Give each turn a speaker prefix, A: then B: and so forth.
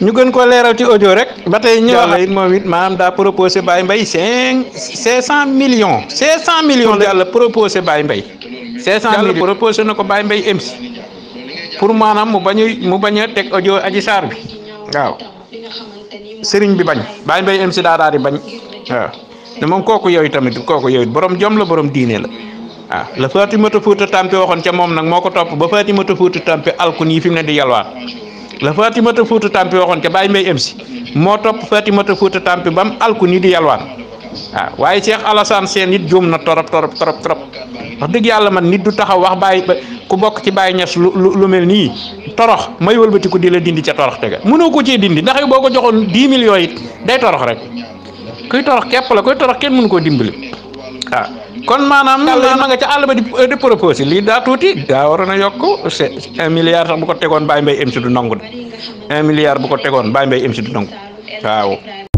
A: ñu gën ko leeral ci audio rek ba tey ñu wax it moom it maanaam daa proposé Baye Mbaye cinq cinq cent millions cinq cent millions la yàlla proposé Baye Mbaye cinq cent millions proposé na ko Baye Mbaye MC pour maanaam mu bañ mu bañ a teg audio aji saar bi waaw sëriñ bi bañ Baye Mbaye MC daa daal di bañ waaw ne moom kooku yooyu tamit kooku yooyu borom jom la borom diine la waaw la Fatimata Fuuta Tampi waxoon ca moom nag moo ko topp ba Fatimata Fuuta Tampi alku nii fi mu ne di yalwaan la Fatimata Fuuta Tampi waxoon ca Baye Mbaye em si moo topp Fatimata Fuuta Tampi ba mu alku nii di yalwaan waaw waaye seex Alassane Sène it juum na torop torop torop torop wax dëgg yàlla man nit du taxaw wax Baye ku bokk ci Baye Ñas lu lu lu mel nii torox may wëlbatiku di la dindi ca torox tega mënoo ko cee dindi ndax boo ko joxoon 10 millions it day torox rek kuy torox képp la kuy torox kenn mënu koo dimbali. ah kon maanaam ma nga ca àll ba di euh, di lii daa tuuti daa waroon a yokk c'est un milliard sax bu ko tegoon Baye Mbaye MC du nangu de un milliard bu ko tegoon Baye Mbaye MC du nangu waaw